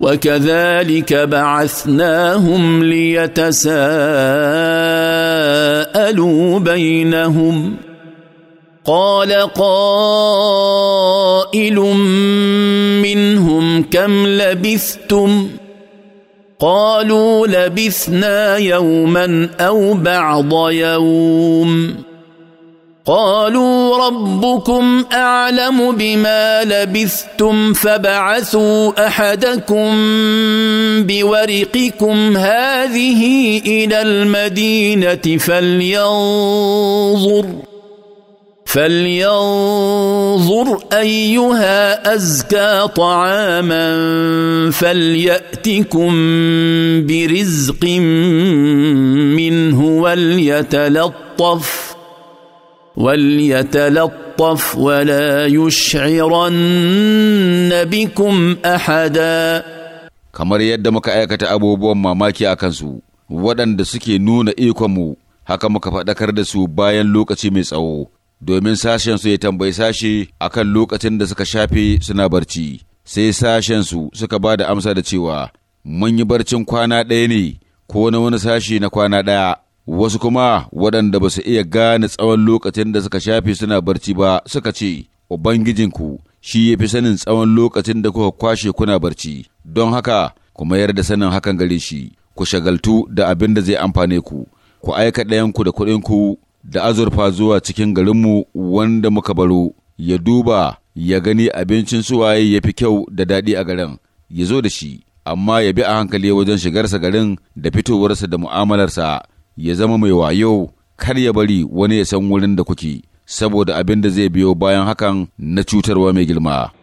وكذلك بعثناهم ليتساءلوا بينهم قال قائل منهم كم لبثتم قالوا لبثنا يوما او بعض يوم قالوا ربكم اعلم بما لبثتم فبعثوا احدكم بورقكم هذه الى المدينه فلينظر فلينظر ايها ازكى طعاما فلياتكم برزق منه وليتلطف وليتلطف ولا يشعرن بكم أحدا kamar yadda muka aikata abubuwan mamaki a kansu waɗanda suke nuna ikonmu haka muka faɗakar da su bayan lokaci mai tsawo domin sashensu ya tambayi sashe akan lokacin da suka shafe suna barci sai sashensu suka ba da amsa da cewa mun yi barcin kwana ɗaya ne ko na wani sashi na kwana ɗaya wasu kuma waɗanda ba su iya gane tsawon lokacin da suka shafe suna barci ba suka ce, Ubangijinku shi ya fi sanin tsawon lokacin da kuka kwashe kuna barci, don haka ku mayar da sanin hakan gare shi, ku shagaltu da abin da zai amfane ku, ku aika ɗayanku da kuɗinku da azurfa zuwa cikin garinmu wanda muka baro, ya duba ya gani abincin suwaye ya fi kyau da daɗi a garin, ya zo da shi. amma ya bi a hankali wajen shigarsa garin da fitowarsa da mu'amalarsa ya zama mai wayo kar ya bari wani ya san wurin da kuke saboda abin da zai biyo bayan hakan na cutarwa mai girma